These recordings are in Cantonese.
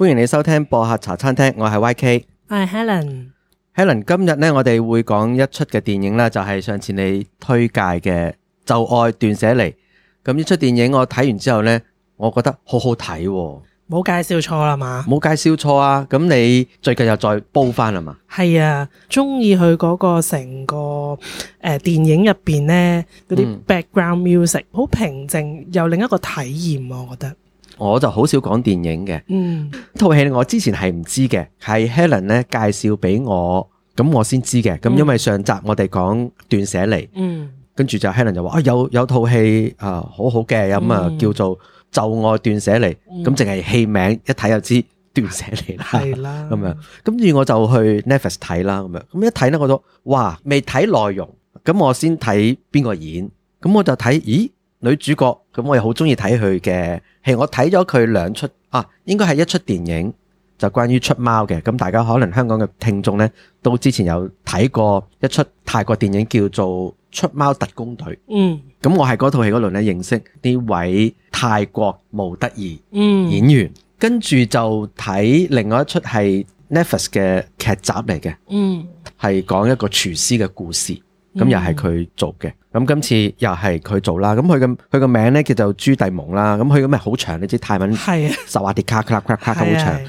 歡迎你收聽播客茶餐廳，我係 Y K，我係 Helen。Helen，今日咧，我哋會講一出嘅電影啦，就係上次你推介嘅《就愛斷捨離》。咁呢出電影我睇完之後咧，我覺得好好睇。冇介紹錯啦嘛？冇介紹錯啊！咁你最近又再煲翻啦嘛？係啊，中意佢嗰個成個誒電影入邊咧嗰啲 background music，好平靜又另一個體驗，我覺得。我就好少講電影嘅，套戲、嗯、我之前係唔知嘅，係 Helen 咧，介紹俾我，咁我先知嘅。咁因為上集我哋講斷捨離，跟住、嗯嗯、就 Helen 就話啊，有有套戲啊好好嘅，咁啊、嗯、叫做就愛斷捨離，咁淨係戲名一睇就知斷捨離啦，係啦，咁樣，跟住我就去 Netflix 睇啦，咁樣，咁一睇咧，我都哇未睇內容，咁我先睇邊個演，咁我就睇咦，女主角，咁我又好中意睇佢嘅。係我睇咗佢兩出啊，應該係一出電影，就關於出貓嘅。咁大家可能香港嘅聽眾呢都之前有睇過一出泰國電影叫做出貓《出貓特工隊》。嗯，咁我喺嗰套戲嗰輪咧認識呢位泰國毛得意演員，嗯、跟住就睇另外一出係 Netflix 嘅劇集嚟嘅。嗯，係講一個廚師嘅故事。咁、嗯、又係佢做嘅，咁今次又係佢做啦。咁佢嘅佢個名咧叫做朱蒂蒙啦。咁佢個名好長，你知泰文，實話啲卡卡卡卡好長。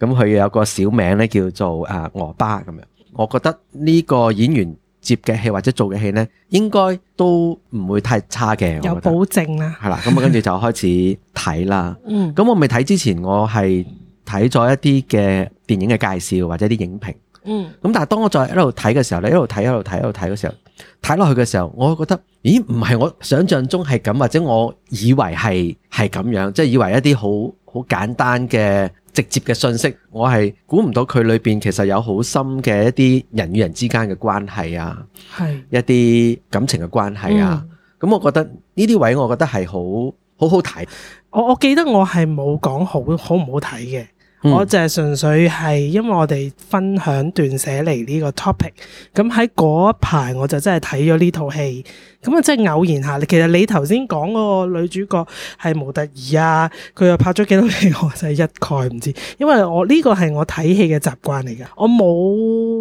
咁佢有個小名咧叫做誒俄巴咁樣。我覺得呢個演員接嘅戲或者做嘅戲咧，應該都唔會太差嘅。有保證啦。係啦，咁啊，跟住就開始睇啦。咁、 嗯、我未睇之前，我係睇咗一啲嘅電影嘅介紹或者啲影評。嗯，咁但係當我再一路睇嘅時候，你一路睇一路睇一路睇嘅時候，睇落去嘅時候，我覺得，咦，唔係我想象中係咁，或者我以為係係咁樣，即係以為一啲好好簡單嘅直接嘅信息，我係估唔到佢裏邊其實有好深嘅一啲人與人之間嘅關係啊，係是一啲感情嘅關係啊，咁、嗯、我覺得呢啲位，我覺得係好好好睇。我我記得我係冇講好好唔好睇嘅。嗯、我就係純粹係因為我哋分享斷捨離呢個 topic，咁喺嗰一排我就真係睇咗呢套戲，咁啊真係偶然下。其實你頭先講嗰個女主角係模特兒啊，佢又拍咗幾多戲，我就一概唔知。因為我呢個係我睇戲嘅習慣嚟嘅，我冇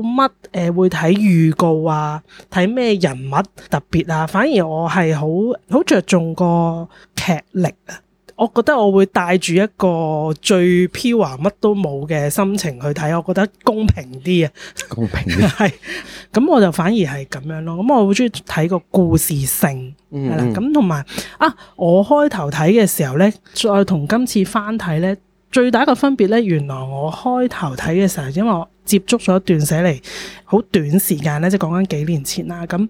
乜誒會睇預告啊，睇咩人物特別啊，反而我係好好着重個劇力啊。我覺得我會帶住一個最飄華乜都冇嘅心情去睇，我覺得公平啲啊，公平啲咁 我就反而係咁樣咯。咁我好中意睇個故事性，係啦、嗯嗯，咁同埋啊，我開頭睇嘅時候咧，再同今次翻睇咧，最大一個分別咧，原來我開頭睇嘅時候，因為我接觸咗斷捨離好短時間咧，即係講緊幾年前啦，咁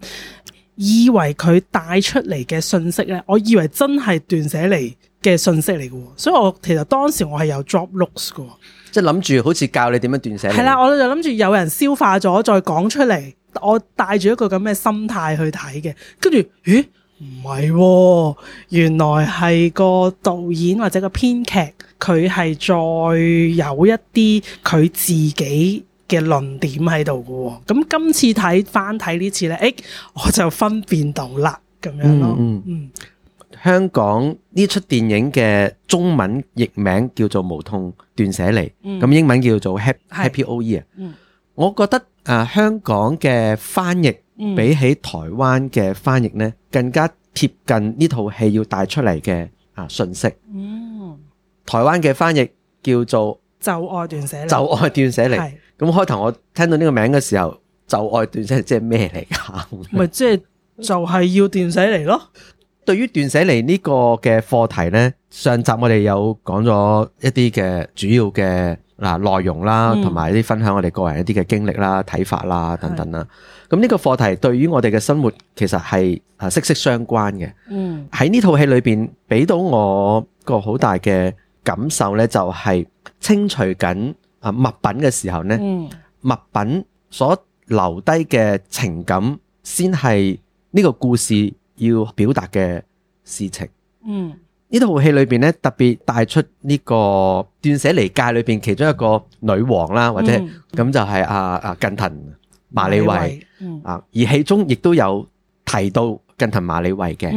以為佢帶出嚟嘅信息咧，我以為真係斷捨離嘅信息嚟嘅，所以我其實當時我係有 drop looks 喎。即係諗住好似教你點樣斷捨離。係啦，我就諗住有人消化咗再講出嚟，我帶住一個咁嘅心態去睇嘅，跟住，咦，唔係、哦，原來係個導演或者個編劇，佢係再有一啲佢自己嘅論點喺度喎。咁今次睇翻睇呢次呢，誒、欸，我就分辨到啦，咁樣咯，嗯，嗯。嗯香港呢出電影嘅中文譯名叫做《無痛斷捨離》嗯，咁英文叫做 Happy Old Year 啊。嗯、我覺得啊，香港嘅翻譯比起台灣嘅翻譯呢，更加貼近呢套戲要帶出嚟嘅啊信息。嗯，台灣嘅翻譯叫做《就愛斷捨離》是，就愛斷捨離。咁是開頭我聽到呢個名嘅時候，就愛斷捨離即係咩嚟㗎？咪即係就係要斷捨離咯？對於斷捨離呢、這個嘅課題呢，上集我哋有講咗一啲嘅主要嘅嗱內容啦，同埋一啲分享我哋個人一啲嘅經歷啦、睇法啦等等啦。咁呢是個課題對於我哋嘅生活其實係啊息息相關嘅。嗯，喺呢套戲裏邊俾到我個好大嘅感受呢，就係清除緊物品嘅時候呢、嗯、物品所留低嘅情感先係呢個故事。要表達嘅事情，嗯，呢套戲裏面咧特別帶出呢個斷捨離界裏面其中一個女王啦，或者咁就係啊近藤麻里惠，啊，而戲中亦都有提到近藤麻里惠嘅，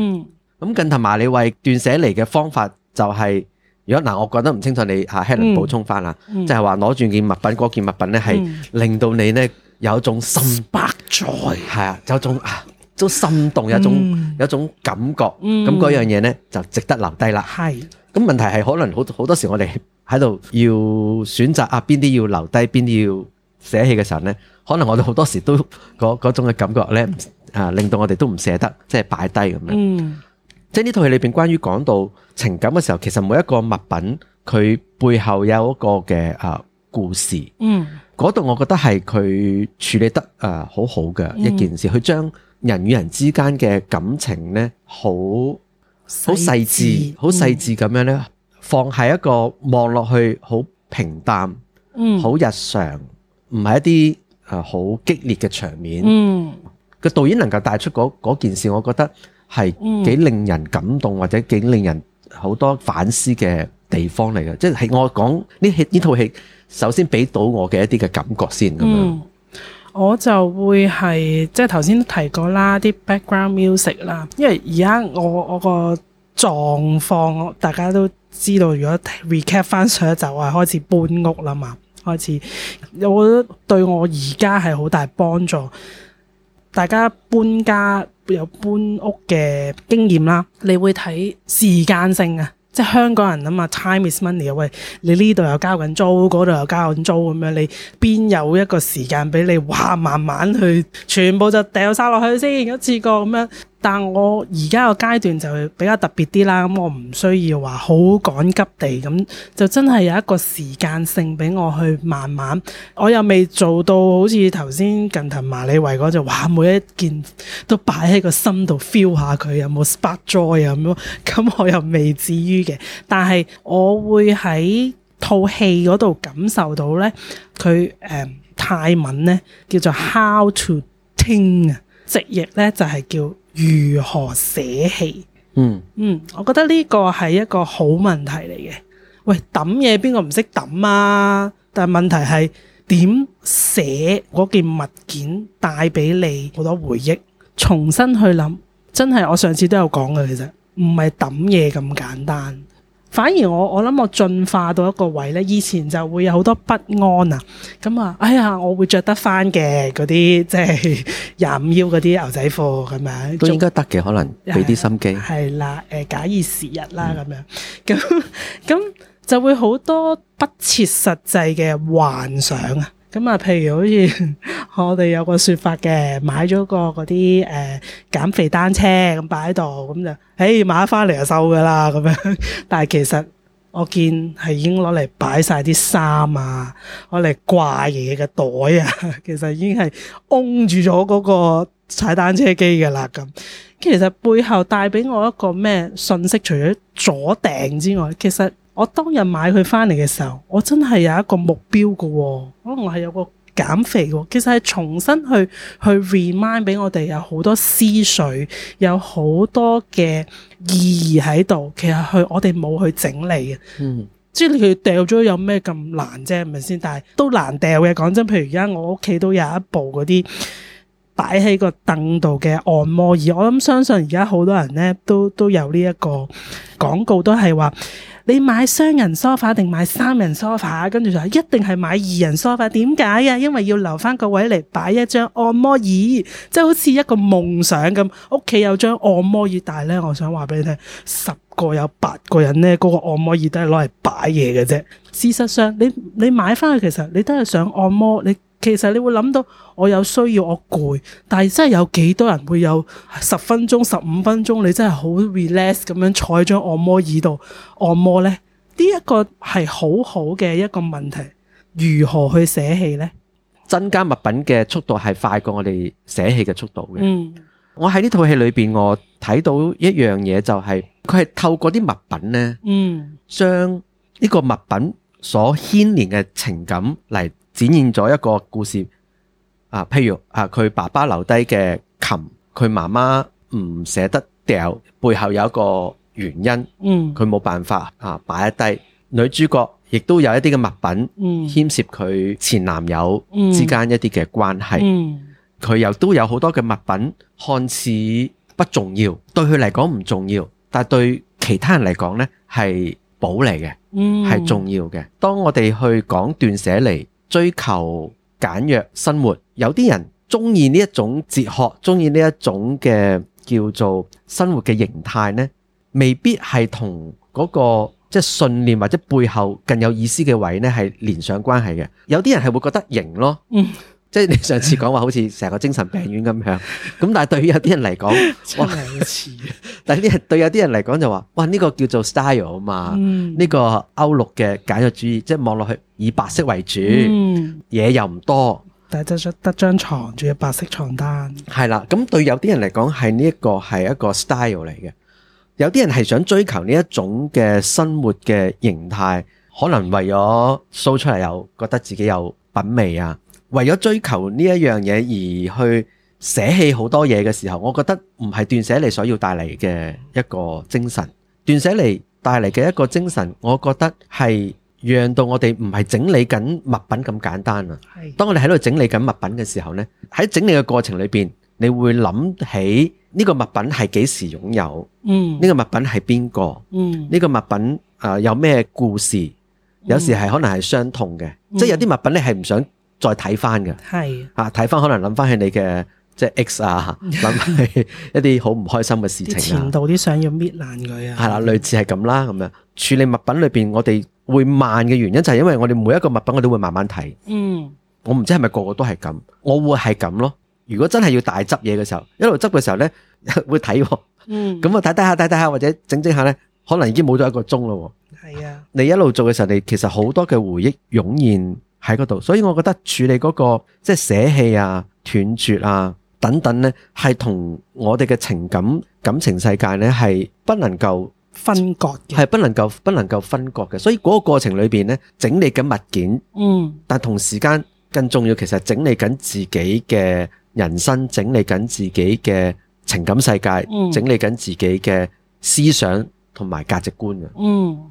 咁近藤麻里惠斷捨離嘅方法就係，如果嗱，我講得唔清楚，你 Helen 補充翻啦，就係話攞住件物品，嗰件物品咧係令到你咧有一種心不在，啊，嗯、有一種啊。都心動，有種有種感覺，咁嗰、嗯嗯、樣嘢呢，就值得留低啦。係、嗯，咁問題係可能好好多時，我哋喺度要選擇啊，邊啲要留低，邊啲要捨棄嘅時候呢，可能我哋好多時都嗰種嘅感覺呢，啊，令到我哋都唔捨得，即係擺低咁樣。嗯、即係呢套戲裏邊關於講到情感嘅時候，其實每一個物品佢背後有一個嘅啊故事。嗯，嗰度我覺得係佢處理得啊、呃、好好嘅一件事，佢將。人與人之間嘅感情呢，好好細緻、好細緻咁樣呢，放喺一個望落去好平淡、嗯，好日常，唔係一啲啊好激烈嘅場面。嗯，個導演能夠帶出嗰嗰件事，我覺得係幾令人感動或者幾令人好多反思嘅地方嚟嘅。即係我講呢戲，呢套戲，首先俾到我嘅一啲嘅感覺先咁樣。我就會係即係頭先提過啦，啲 background music 啦，因為而家我我個狀況，大家都知道，如果 recap 翻上一集我係開始搬屋啦嘛，開始我覺得對我而家係好大幫助。大家搬家有搬屋嘅經驗啦，你會睇時間性啊。即係香港人啊嘛，time is money。喂，你呢度又交緊租，嗰度又交緊租咁樣，你邊有一個時間俾你？哇，慢慢去，全部就掉晒落去先，一次過咁樣。但我而家個階段就比較特別啲啦，咁我唔需要話好趕急地咁，就真係有一個時間性俾我去慢慢。我又未做到好似頭先近藤麻理惠嗰就，哇每一件都擺喺個心度 feel 下佢有冇 spark joy 咁咯。咁我又未至於嘅，但係我會喺套戲嗰度感受到咧，佢誒、呃、泰文咧叫做 how to ting 啊，直譯咧就係、是、叫。如何捨棄？嗯嗯，我覺得呢個係一個好問題嚟嘅。喂，抌嘢邊個唔識抌啊？但係問題係點捨嗰件物件帶俾你好多回憶？重新去諗，真係我上次都有講嘅，其實唔係抌嘢咁簡單。反而我我諗我進化到一個位咧，以前就會有好多不安啊，咁啊，哎呀，我會着得翻嘅嗰啲即係廿五腰嗰啲牛仔褲咁樣都應該得嘅，可能俾啲、嗯、心機。係啦，誒、假以時日啦咁樣，咁咁、嗯、就會好多不切實際嘅幻想啊，咁啊，譬如好似。我哋有個說法嘅，買咗個嗰啲誒減肥單車咁擺喺度，咁就誒、哎、買返翻嚟，就瘦噶啦咁樣。但係其實我見係已經攞嚟擺晒啲衫啊，攞嚟掛嘢嘅袋啊，其實已經係擁住咗嗰個踩單車機噶啦咁。其實背後帶俾我一個咩信息？除咗阻埞之外，其實我當日買佢翻嚟嘅時候，我真係有一個目標噶、哦。可能我係有個。減肥喎，其實係重新去去 remind 俾我哋有好多思緒，有好多嘅意義喺度。其實去我哋冇去整理嘅，嗯、即係佢掉咗有咩咁難啫，係咪先？但係都難掉嘅。講真，譬如而家我屋企都有一部嗰啲擺喺個凳度嘅按摩椅，我諗相信而家好多人咧都都有呢一個廣告，都係話。你買雙人梳化定買三人梳化，跟住就一定係買二人梳化？點解啊？因為要留翻個位嚟擺一張按摩椅，即係好似一個夢想咁。屋企有張按摩椅，但係咧，我想話俾你聽，十個有八個人咧，嗰個按摩椅都係攞嚟擺嘢嘅啫。事實上，你你買翻去其實你都係想按摩你。其實你會諗到，我有需要，我攰，但係真係有幾多人會有十分鐘、十五分鐘，你真係好 relax 咁樣坐喺張按摩椅度按摩呢？呢一個係好好嘅一個問題，如何去捨棄呢？增加物品嘅速度係快過我哋捨棄嘅速度嘅。嗯，我喺呢套戲裏邊，我睇到一樣嘢就係佢係透過啲物品呢，嗯，將呢個物品所牽連嘅情感嚟。展現咗一個故事啊，譬如啊，佢爸爸留低嘅琴，佢媽媽唔捨得掉，背後有一個原因，嗯，佢冇辦法啊，擺得低。女主角亦都有一啲嘅物品，牽涉佢前男友之間一啲嘅關係，佢又、嗯嗯嗯、都有好多嘅物品，看似不重要，對佢嚟講唔重要，但對其他人嚟講呢係寶嚟嘅，係重要嘅。當我哋去講斷捨離。追求簡約生活，有啲人中意呢一種哲學，中意呢一種嘅叫做生活嘅形態呢，未必係同嗰個，即係信念或者背後更有意思嘅位呢，係連上關係嘅。有啲人係會覺得型咯。嗯即係你上次講話好似成個精神病院咁樣，咁 但係對於有啲人嚟講，哇好似，啊、但係啲人對有啲人嚟講就話，哇呢、呢個叫做 style 啊嘛，呢、嗯、個歐陸嘅簡約主義，即係望落去以白色為主，嘢、嗯、又唔多，但係就想得張床，仲有白色床單，係啦。咁對於有啲人嚟講係呢一個係一個 style 嚟嘅，有啲人係想追求呢一種嘅生活嘅形態，可能為咗 show 出嚟，有覺得自己有品味啊。為咗追求呢一樣嘢，而去捨棄好多嘢嘅時候，我覺得唔係斷捨離所要帶嚟嘅一個精神。斷捨離帶嚟嘅一個精神，我覺得係讓到我哋唔係整理緊物品咁簡單啊。當我哋喺度整理緊物品嘅時候呢，喺整理嘅過程裏邊，你會諗起呢個物品係幾時擁有，嗯，呢個物品係邊個，嗯，呢個物品誒有咩故事？嗯、有時係可能係傷痛嘅，嗯、即係有啲物品你係唔想。再睇翻嘅，係啊，睇翻可能諗翻起你嘅即係 X 啊，諗 起一啲好唔開心嘅事情啊，前度啲相要搣爛佢啊，係啦，類似係咁啦，咁樣處理物品裏邊，我哋會慢嘅原因就係因為我哋每一個物品我哋會慢慢睇，嗯，我唔知係咪個個都係咁，我會係咁咯。如果真係要大執嘢嘅時候，一路執嘅時候咧，會睇，啊，嗯看看，咁我睇睇下睇睇下或者整整下咧，可能已經冇咗一個鐘咯。係啊，你一路做嘅時候，你其實好多嘅回憶湧現喺嗰度，所以我覺得處理嗰個即係捨棄啊、斷絕啊等等呢係同我哋嘅情感感情世界呢係不能夠分割嘅，係不能夠不能夠分割嘅。所以嗰個過程裏邊呢，整理緊物件，嗯，但同時間更重要，其實整理緊自己嘅人生，整理緊自己嘅情感世界，整理緊自己嘅思想同埋價值觀嘅，嗯。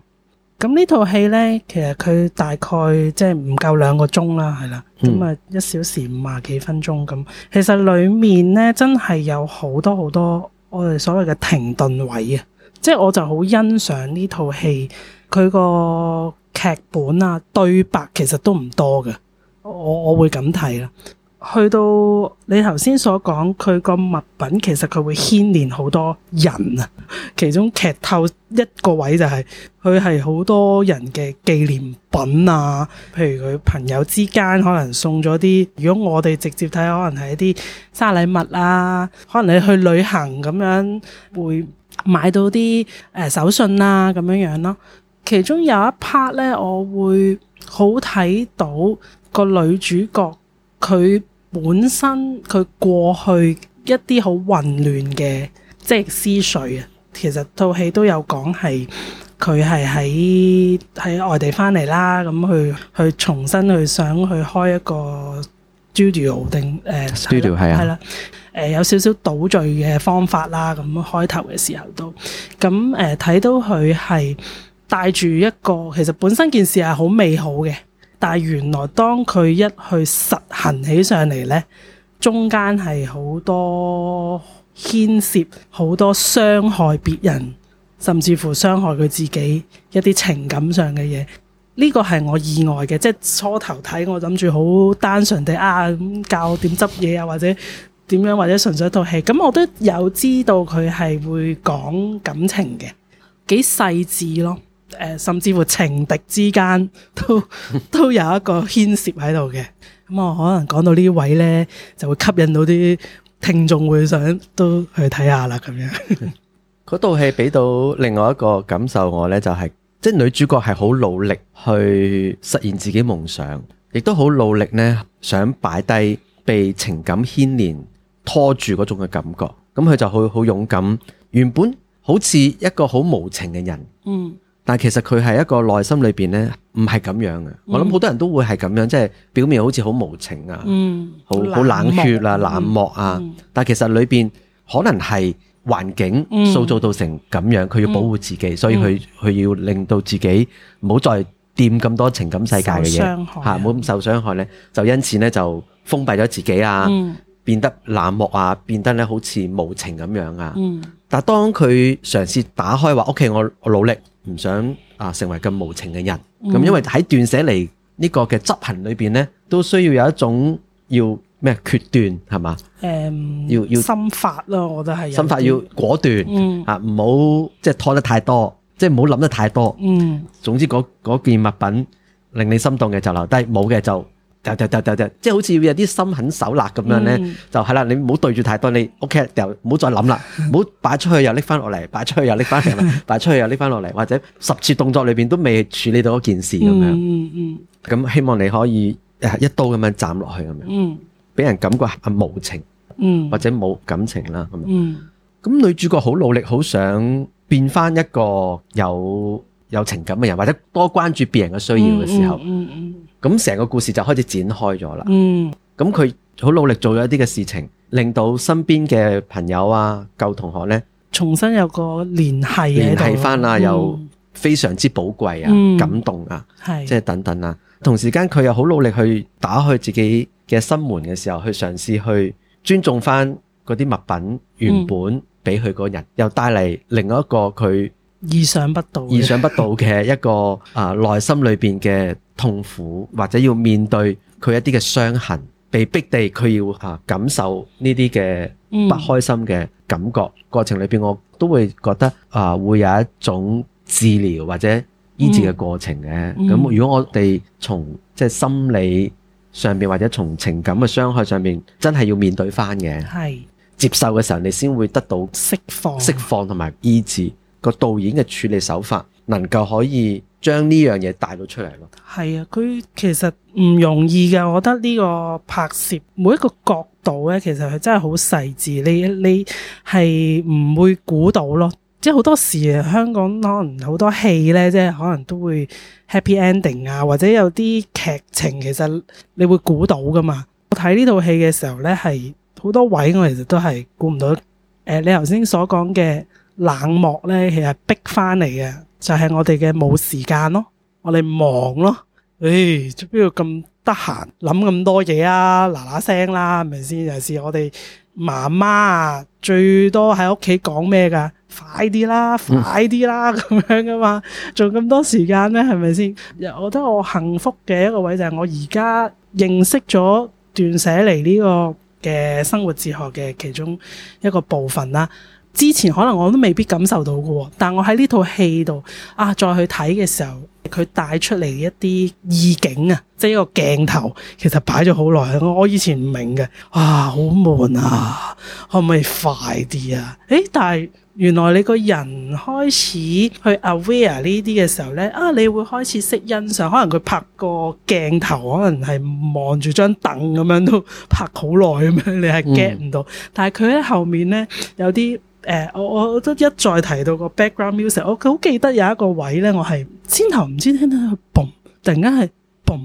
咁呢套戲呢，其實佢大概即係唔夠兩個鐘啦，係啦，咁啊、嗯、一小時五啊幾分鐘咁。其實裏面呢，真係有好多好多我哋所謂嘅停頓位啊，即係我就好欣賞呢套戲佢個劇本啊對白其實都唔多嘅，我我會咁睇啦。去到你頭先所講，佢個物品其實佢會牽連好多人啊。其中劇透一個位就係、是，佢係好多人嘅紀念品啊。譬如佢朋友之間可能送咗啲，如果我哋直接睇，可能係一啲生日禮物啊。可能你去旅行咁樣會買到啲誒、呃、手信啊咁樣樣咯。其中有一 part 呢，我會好睇到個女主角。佢本身佢過去一啲好混亂嘅即係思緒啊，其實套戲都有講係佢係喺喺外地翻嚟啦，咁去去重新去想去開一個 studio、呃、studio 定誒 studio 係啊、呃，係啦，有少少倒序嘅方法啦，咁開頭嘅時候都咁誒睇到佢係帶住一個其實本身件事係好美好嘅。但原來當佢一去實行起上嚟呢，中間係好多牽涉，好多傷害別人，甚至乎傷害佢自己一啲情感上嘅嘢。呢個係我意外嘅，即係初頭睇我諗住好單純地啊，教點執嘢啊，或者點樣，或者純粹一套戲。咁我都有知道佢係會講感情嘅，幾細緻咯。甚至乎情敵之間都都有一個牽涉喺度嘅。咁我可能講到呢位呢，就會吸引到啲聽眾，會想都去睇下啦。咁樣嗰、嗯、部戲俾到另外一個感受，我呢就係、是，即係女主角係好努力去實現自己夢想，亦都好努力呢，想擺低被情感牽連拖住嗰種嘅感覺。咁佢就好好勇敢，原本好似一個好無情嘅人，嗯。但其實佢係一個內心裏面咧，唔係咁樣嘅。我諗好多人都會係咁樣，即係表面好似好無情啊，好好冷血啊、冷漠啊。但其實裏面可能係環境塑造到成咁樣，佢要保護自己，所以佢佢要令到自己唔好再掂咁多情感世界嘅嘢嚇，唔好咁受傷害咧，就因此咧就封閉咗自己啊，變得冷漠啊，變得咧好似無情咁樣啊。但當佢嘗試打開話，OK，我我努力。唔想啊，成為咁無情嘅人，咁因為喺斷捨離呢個嘅執行裏邊咧，都需要有一種要咩決斷係嘛，誒、嗯，要要心法咯，我覺得係心法要果斷啊，唔好即係拖得太多，即係唔好諗得太多。嗯、總之嗰件物品令你心動嘅就留低，冇嘅就。就就就就就，即係好似有啲心狠手辣咁樣呢，嗯、就係啦，你唔好對住太多，你 OK，就唔好再諗啦，唔好擺出去又拎翻落嚟，擺 出去又拎翻嚟，擺出去又拎翻落嚟，或者十次動作裏邊都未處理到一件事咁樣，咁、嗯嗯、希望你可以一刀咁樣斬落去咁樣，俾、嗯、人感覺無情，嗯、或者冇感情啦咁樣，咁、嗯、女主角好努力，好想變翻一個有有情感嘅人，或者多關注別人嘅需要嘅時候。嗯嗯嗯。咁成個故事就開始展開咗啦。嗯，咁佢好努力做咗一啲嘅事情，令到身邊嘅朋友啊、舊同學咧，重新有個聯繫喺度，聯繫翻啦，又、嗯、非常之寶貴啊、感動啊，即係、嗯、等等啦、啊。是的 同時間佢又好努力去打開自己嘅心門嘅時候，去嘗試去尊重翻嗰啲物品原本俾佢嗰人，嗯、又帶嚟另一個佢。意想不到，意想不到嘅一個啊，內心裏邊嘅痛苦，或者要面對佢一啲嘅傷痕，被逼地佢要感受呢啲嘅不開心嘅感覺、嗯、過程裏邊，我都會覺得啊，會有一種治療或者醫治嘅過程嘅。咁、嗯、如果我哋從即係心理上面，或者從情感嘅傷害上面，真係要面對翻嘅，係、是、接受嘅時候，你先會得到釋放、釋放同埋醫治。個導演嘅處理手法，能夠可以將呢樣嘢帶到出嚟咯。係啊，佢其實唔容易嘅。我覺得呢個拍攝，每一個角度咧，其實係真係好細緻。你你係唔會估到咯。即係好多時，香港可能好多戲咧，即係可能都會 happy ending 啊，或者有啲劇情，其實你會估到噶嘛。我睇呢套戲嘅時候咧，係好多位我其實都係估唔到。誒，你頭先所講嘅。冷漠咧，其實逼翻嚟嘅就係、是、我哋嘅冇時間咯，我哋忙咯，誒、哎，邊要咁得閒諗咁多嘢啊？嗱嗱聲啦，係咪先？尤其是我哋媽媽啊，最多喺屋企講咩噶？快啲啦，快啲啦，咁、嗯、樣噶嘛，做咁多時間呢，係咪先？我覺得我幸福嘅一個位就係我而家認識咗斷捨離呢個嘅生活哲學嘅其中一個部分啦。之前可能我都未必感受到嘅，但我喺呢套戲度啊再去睇嘅時候，佢帶出嚟一啲意境啊，即係一個鏡頭其實擺咗好耐，我以前唔明嘅，啊，好悶啊，可唔可以快啲啊？誒，但係原來你個人開始去 aware 呢啲嘅時候咧，啊，你會開始識欣賞，可能佢拍個鏡頭可能係望住張凳咁樣都拍好耐咁樣，你係 get 唔到，嗯，但係佢喺後面咧有啲。誒、呃，我我都一再提到個 background music，我好記得有一個位咧，我係先頭唔知聽到佢「嘣，突然間係嘣，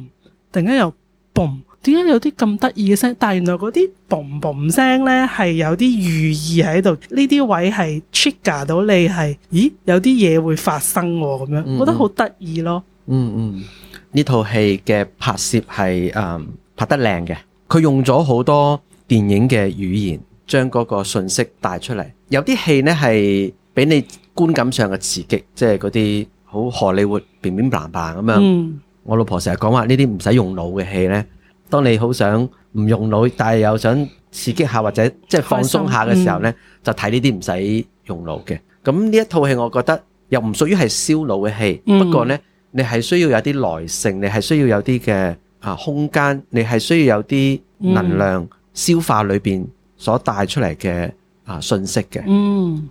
突然間又嘣，點解有啲咁得意嘅聲？但係原來嗰啲嘣嘣聲咧係有啲寓意喺度，呢啲位係 trigger 到你係，咦，有啲嘢會發生我咁、嗯嗯、樣，我覺得好得意咯嗯嗯。嗯嗯，呢套戲嘅拍攝係誒拍得靚嘅，佢用咗好多電影嘅語言，將嗰個訊息帶出嚟。有啲戲呢係俾你觀感上嘅刺激，即係嗰啲好荷里活、乒乒乓乓咁樣。我老婆成日講話呢啲唔使用腦嘅戲呢，當你好想唔用腦，但係又想刺激下或者即係放鬆下嘅時候呢，嗯嗯、就睇呢啲唔使用腦嘅。咁呢一套戲我覺得又唔屬於係燒腦嘅戲，嗯、不過呢，你係需要有啲耐性，你係需要有啲嘅啊空間，你係需要有啲能量消、嗯、化裏邊所帶出嚟嘅。啊！信息嘅，嗯，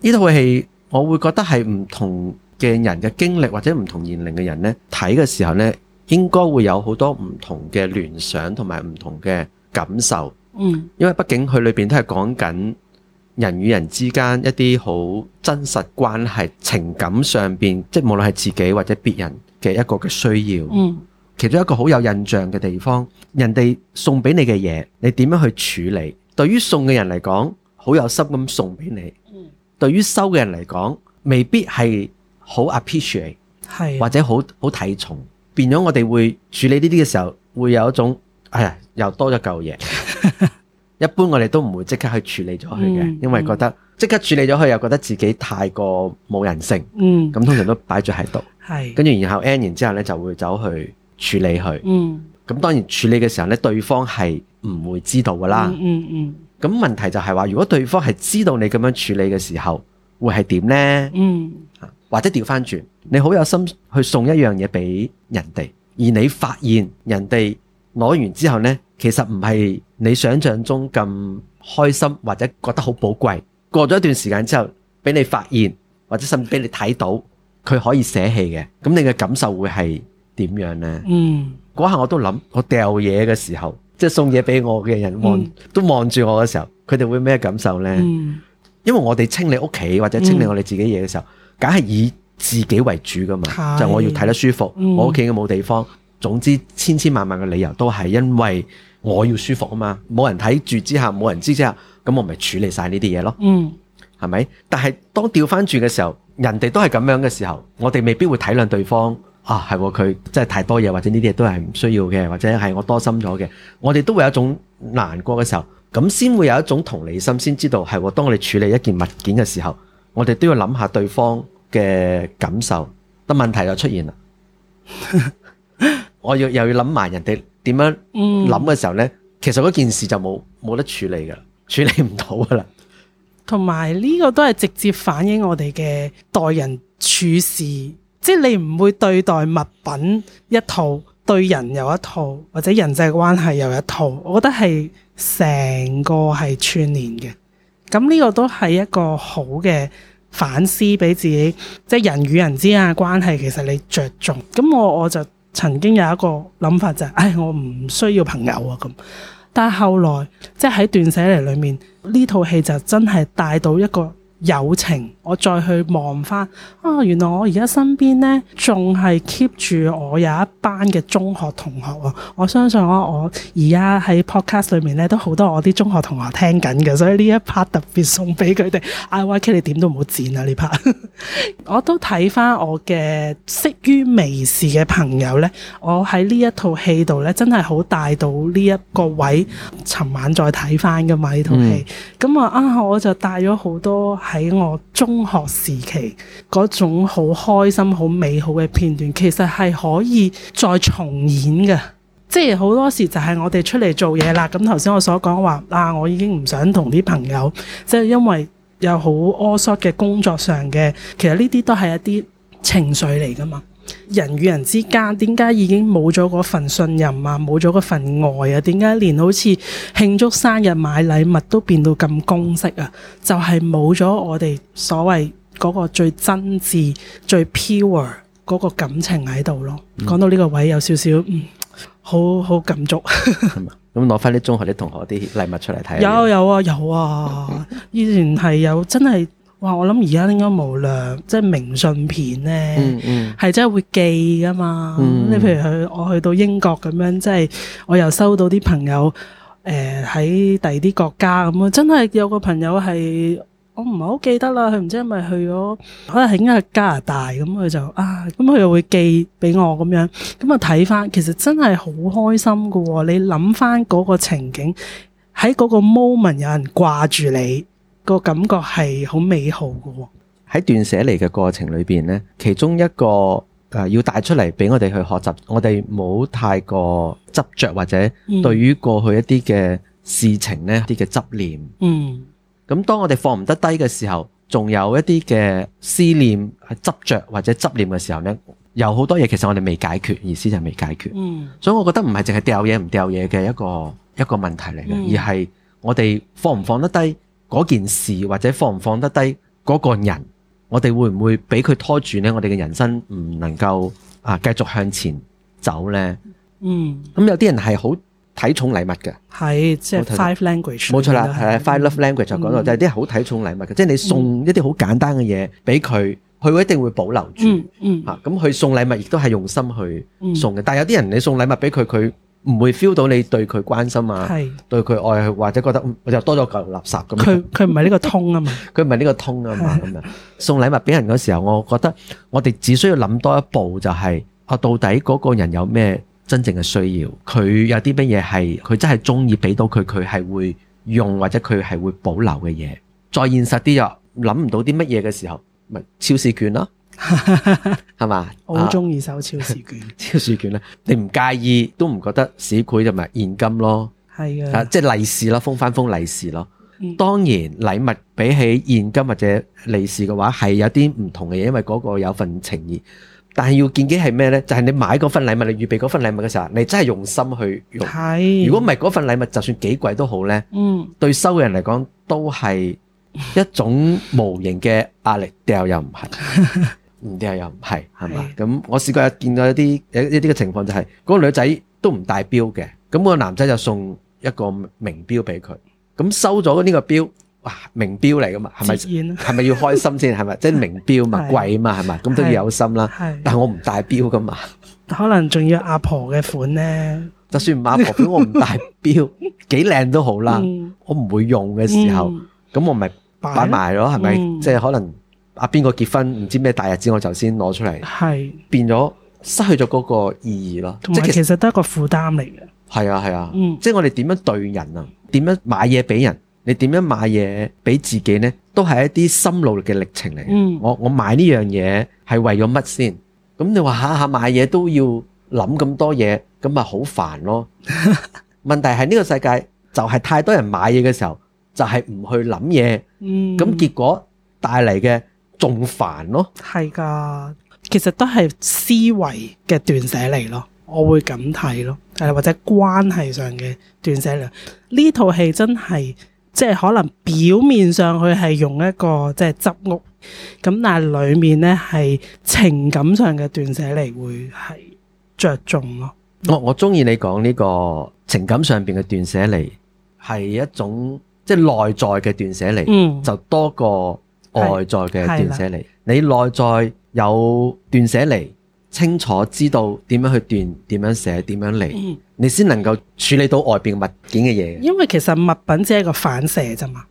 呢套戲我會覺得係唔同嘅人嘅經歷，或者唔同年齡嘅人呢睇嘅時候呢應該會有好多唔同嘅聯想同埋唔同嘅感受，嗯，因為畢竟佢裏邊都係講緊人與人之間一啲好真實關係，情感上邊，即係無論係自己或者別人嘅一個嘅需要，嗯，其中一個好有印象嘅地方，人哋送俾你嘅嘢，你點樣去處理？對於送嘅人嚟講。好有心咁送俾你，對於收嘅人嚟講，未必係好 appreciate 或者好好睇重，變咗我哋會處理呢啲嘅時候，會有一種，哎呀，又多咗舊嘢。 一般我哋都唔會即刻去處理咗佢嘅，因為覺得即刻處理咗佢又覺得自己太過冇人性。嗯，咁通常都擺住喺度，跟住然後 end，然之後呢就會走去處理佢。嗯，咁當然處理嘅時候呢，對方係唔會知道噶啦。嗯嗯。咁問題就係話，如果對方係知道你咁樣處理嘅時候，會係點呢？嗯，或者調翻轉，你好有心去送一樣嘢俾人哋，而你發現人哋攞完之後呢，其實唔係你想象中咁開心，或者覺得好寶貴。過咗一段時間之後，俾你發現，或者甚至俾你睇到，佢可以捨棄嘅，咁你嘅感受會係點樣呢？嗯，嗰下我都諗，我掉嘢嘅時候，即係送嘢俾我嘅人望都望住我嘅時候，佢哋會咩感受呢？因為我哋清理屋企或者清理我哋自己嘢嘅時候，梗係以自己為主噶嘛。就是，我要睇得舒服，我屋企嘅冇地方，總之千千萬萬嘅理由都係因為我要舒服啊嘛。冇人睇住之下，冇人知之下，咁我咪處理晒呢啲嘢咯。嗯，係咪？但係當掉翻轉嘅時候，人哋都係咁樣嘅時候，我哋未必會體諒對方。啊，係喎！佢真係太多嘢，或者呢啲嘢都係唔需要嘅，或者係我多心咗嘅。我哋都會有一種難過嘅時候，咁先會有一種同理心，先知道係喎。當我哋處理一件物件嘅時候，我哋都要諗下對方嘅感受。但問題就出現啦， 我要又要諗埋人哋點樣諗嘅時候呢。嗯、其實嗰件事就冇冇得處理㗎，處理唔到噶啦。同埋呢個都係直接反映我哋嘅待人處事。即係你唔會對待物品一套，對人又一套，或者人際關係又一套。我覺得係成個係串聯嘅。咁呢個都係一個好嘅反思，俾自己，即係人與人之間嘅關係，其實你着重。咁我我就曾經有一個諗法就係、是，唉，我唔需要朋友啊，咁。但係後來即係喺斷捨離裏面呢套戲就真係帶到一個。友情，我再去望翻啊！原來我而家身邊呢，仲係 keep 住我有一班嘅中學同學啊！我相信我，我而家喺 podcast 裏面呢，都好多我啲中學同學聽緊嘅，所以呢一 part 特別送俾佢哋。I Y K 你點都唔好剪啊呢 part！ 我都睇翻我嘅識於微時嘅朋友呢。我喺呢一套戲度呢，真係好帶到呢一個位。尋、嗯、晚再睇翻㗎嘛，呢套戲咁啊，我就帶咗好多。喺我中學時期嗰種好開心、好美好嘅片段，其實係可以再重演嘅。即係好多時就係我哋出嚟做嘢啦。咁頭先我所講話啊，我已經唔想同啲朋友，即係因為有好阿縮嘅工作上嘅，其實呢啲都係一啲情緒嚟噶嘛。人與人之間，點解已經冇咗嗰份信任啊？冇咗嗰份愛啊？點解連好似慶祝生日買禮物都變到咁公式啊？就係冇咗我哋所謂嗰個最真摯、最 pure 嗰、er、個感情喺度咯。講、嗯、到呢個位有少少好好、嗯、感觸。咁攞翻啲中學啲同學啲禮物出嚟睇，有有啊有啊，依然係有真係。哇！我諗而家應該無量，即係明信片咧，係、嗯嗯、真係會寄噶嘛？嗯、你譬如去我去到英國咁樣，即、就、係、是、我又收到啲朋友誒喺第二啲國家咁樣，真係有個朋友係我唔係好記得啦，佢唔知係咪去咗，可能係應該係加拿大咁，佢就啊咁佢又會寄俾我咁樣，咁啊睇翻其實真係好開心噶喎、哦！你諗翻嗰個情景，喺嗰個 moment 有人掛住你。個感覺係好美好嘅喎。喺斷捨離嘅過程裏邊呢，其中一個誒要帶出嚟俾我哋去學習，我哋冇太過執着或者對於過去一啲嘅事情呢，嗯、一啲嘅執念。嗯。咁當我哋放唔得低嘅時候，仲有一啲嘅思念、執着或者執念嘅時候呢，有好多嘢其實我哋未解決，意思就未解決。嗯。所以我覺得唔係淨係掉嘢唔掉嘢嘅一個一個問題嚟嘅，嗯、而係我哋放唔放得低。嗰件事或者放唔放得低，嗰、嗰個人，我哋會唔會俾佢拖住呢？我哋嘅人生唔能夠啊，繼續向前走呢？嗯，咁有啲人係好睇重禮物嘅，係即係 five language，冇錯啦，five love language 講到、嗯，我就係啲人好睇重禮物嘅，嗯、即係你送一啲好簡單嘅嘢俾佢，佢一定會保留住。嗯，咁、嗯、佢、啊、送禮物亦都係用心去送嘅，嗯、但係有啲人你送禮物俾佢，佢。唔會 feel 到你對佢關心啊，是對佢愛佢，或者覺得我、嗯、就多咗嚿垃圾咁。佢佢唔係呢個通啊嘛，佢唔係呢個通啊嘛咁是樣。送禮物俾人嗰時候，我覺得我哋只需要諗多一步，就係、是、啊，到底嗰個人有咩真正嘅需要，佢有啲乜嘢係佢真係中意，俾到佢，佢係會用或者佢係會保留嘅嘢。再現實啲又諗唔到啲乜嘢嘅時候，咪超市券囉。係嘛？ 是吧我好中意收超市券。超市券咧，你唔介意都唔覺得市儈，就咪現金咯。係是的 啊，即係利是囉，封翻封利是咯。嗯、當然禮物比起現金或者利是嘅話，係有啲唔同嘅嘢，因為嗰個有份情意。但係要見幾係咩呢？就係、是、你買嗰份禮物，你預備嗰份禮物嘅時候，你真係用心去。用。如果唔係嗰份禮物，就算幾貴都好呢，嗯。對收嘅人嚟講，都係一種無形嘅壓力，掉又唔係。唔知係又唔係，係嘛？咁我試過有見到一啲一啲嘅情況，就係嗰個女仔都唔戴錶嘅，咁個男仔就送一個名錶俾佢，咁收咗呢個錶，哇，名錶嚟噶嘛？係咪？係咪要開心先？係咪？即係名錶嘛，貴啊嘛？係咪？咁都要有心啦。但係我唔戴錶噶嘛，可能仲要阿婆嘅款咧。就算唔阿婆俾，我唔戴錶，幾靚都好啦。我唔會用嘅時候，咁我咪擺埋囉，係咪？即係可能。啊邊個結婚唔知咩大日子，我就先攞出嚟，係是變咗失去咗嗰個意義咯。即其實都係一個負擔嚟嘅。係啊，係啊，是啊嗯、即係我哋點樣對人啊？點樣買嘢俾人？你點樣買嘢俾自己呢？都係一啲心路嘅歷程嚟。嗯，我我買呢樣嘢係為咗乜先？咁你話下下買嘢都要諗咁多嘢，咁咪好煩咯？ 問題係呢個世界就係、是、太多人買嘢嘅時候，就係、是、唔去諗嘢。嗯，咁結果帶嚟嘅。仲煩咯，係噶，其實都係思維嘅斷捨離咯，我會咁睇咯，係或者關係上嘅斷捨離。呢套戲真係，即係可能表面上佢係用一個即係執屋，咁但係裏面呢係情感上嘅斷捨離會係着重咯。我我中意你講呢個情感上邊嘅斷捨離，係一種即係內在嘅斷捨離，嗯，就多過。外在嘅斷捨離，你內在有斷捨離，清楚知道點樣去斷，點樣捨，點樣離，你先能夠處理到外邊物件嘅嘢。因為其實物品只係一個反射咋嘛，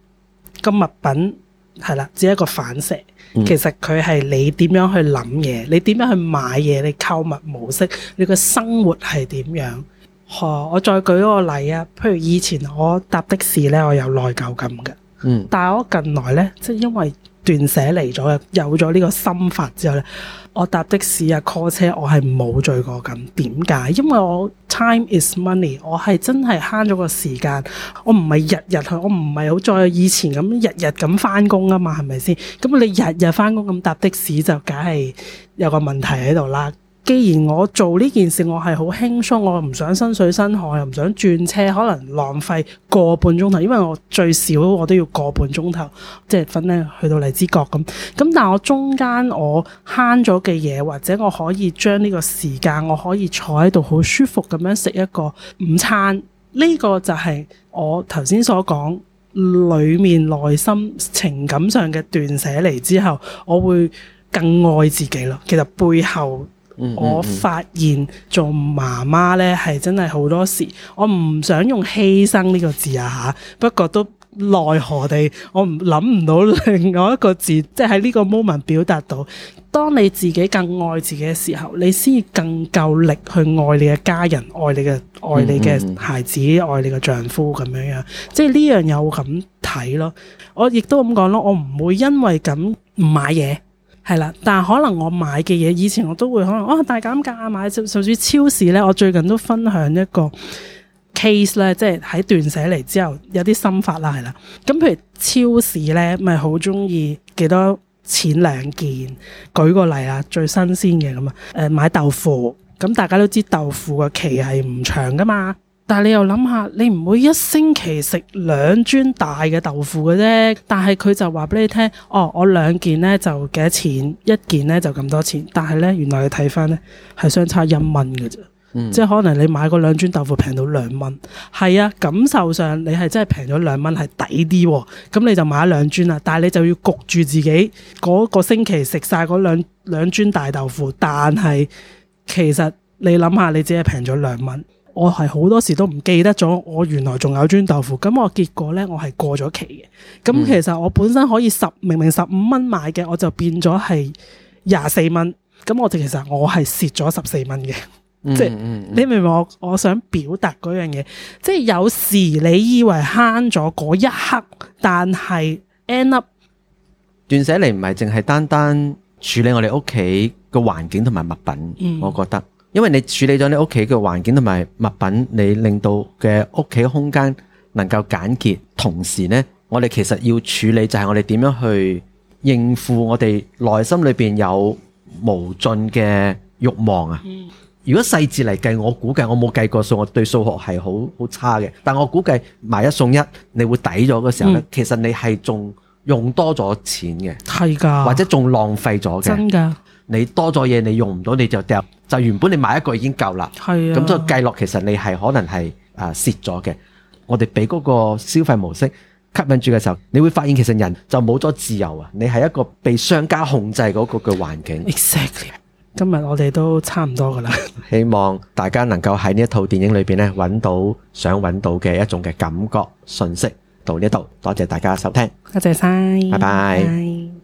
個物品係啦，只係一個反射。其實佢係你點樣去諗嘢，你點樣去買嘢，你購物模式，你嘅生活係點樣？嗬、哦，我再舉個例啊，譬如以前我搭的士呢，我有內疚感嘅，嗯，但係我近來呢，即係因為。斷捨離咗有咗呢個心法之後咧，我搭的士啊、call 車，我係冇罪過咁。點解？因為我 Time is money，我係真係慳咗個時間。我唔係日日去，我唔係好再以前咁日日咁翻工啊嘛，係咪先？咁你日日翻工咁搭的士就梗係有個問題喺度啦。既然我做呢件事，我係好輕鬆，我唔想身水身汗，又唔想轉車，可能浪費個半鐘頭，因為我最少我都要個半鐘頭，即係分咧去到荔枝角咁。咁但係我中間我慳咗嘅嘢，或者我可以將呢個時間我可以坐喺度好舒服咁樣食一個午餐。呢、呢個就係我頭先所講裏面內心情感上嘅斷捨離之後，我會更愛自己咯。其實背後。我發現做媽媽咧係真係好多時，我唔想用犧牲呢個字啊吓，不過都奈何地，我唔諗唔到另外一個字，即係呢個 moment 表達到，當你自己更愛自己嘅時候，你先更夠力去愛你嘅家人，愛你嘅愛你嘅孩子，愛你嘅丈夫咁樣樣，即係呢樣有咁睇咯。我亦都咁講咯，我唔會因為咁唔買嘢。係啦，但係可能我買嘅嘢，以前我都會可能哦大減價買，甚至超市咧，我最近都分享一個 case 咧，即係喺斷捨離之後有啲心法啦，係啦。咁譬如超市咧，咪好中意幾多錢兩件？舉個例啦，最新鮮嘅咁啊，誒買豆腐，咁大家都知豆腐嘅期係唔長噶嘛。但係你又諗下，你唔會一星期食兩磚大嘅豆腐嘅啫。但係佢就話俾你聽，哦，我兩件咧就幾多錢，一件咧就咁多錢。但係咧，原來你睇翻咧係相差一蚊嘅啫。嗯，即係可能你買嗰兩磚豆腐平到兩蚊，係啊，感受上你係真係平咗兩蚊係抵啲喎。咁你就買兩磚啦。但係你就要焗住自己嗰、嗰個星期食晒嗰兩兩磚大豆腐。但係其實你諗下，你只係平咗兩蚊。我係好多時都唔記得咗，我原來仲有樽豆腐，咁我結果呢，我係過咗期嘅。咁其實我本身可以十明明十五蚊買嘅，我就變咗係廿四蚊。咁我哋其實我係蝕咗十四蚊嘅。即、嗯嗯嗯、你明唔明我我想表達嗰樣嘢？即係有時你以為慳咗嗰一刻，但係 end up。斷捨離唔係淨係單單處理我哋屋企個環境同埋物品，我覺得。因為你處理咗你屋企嘅環境同埋物品，你令到嘅屋企空間能夠簡潔。同時呢，我哋其實要處理就係我哋點樣去應付我哋內心裏邊有無盡嘅欲望啊！嗯、如果細節嚟計，我估計我冇計過數，我對數學係好好差嘅。但我估計買一送一，你會抵咗嘅時候呢，嗯、其實你係仲用多咗錢嘅，係噶、嗯，或者仲浪費咗嘅，真你多咗嘢，你用唔到你就掉，就原本你買一個已經夠啦。係啊，咁所以計落，其實你係可能係誒蝕咗嘅。我哋俾嗰個消費模式吸引住嘅時候，你會發現其實人就冇咗自由啊！你係一個被商家控制嗰個嘅環境。Exactly，今日我哋都差唔多噶啦。 希望大家能夠喺呢一套電影裏邊咧，揾到想揾到嘅一種嘅感覺、信息。到呢度。多謝大家收聽，多謝晒，拜拜 bye。Bye bye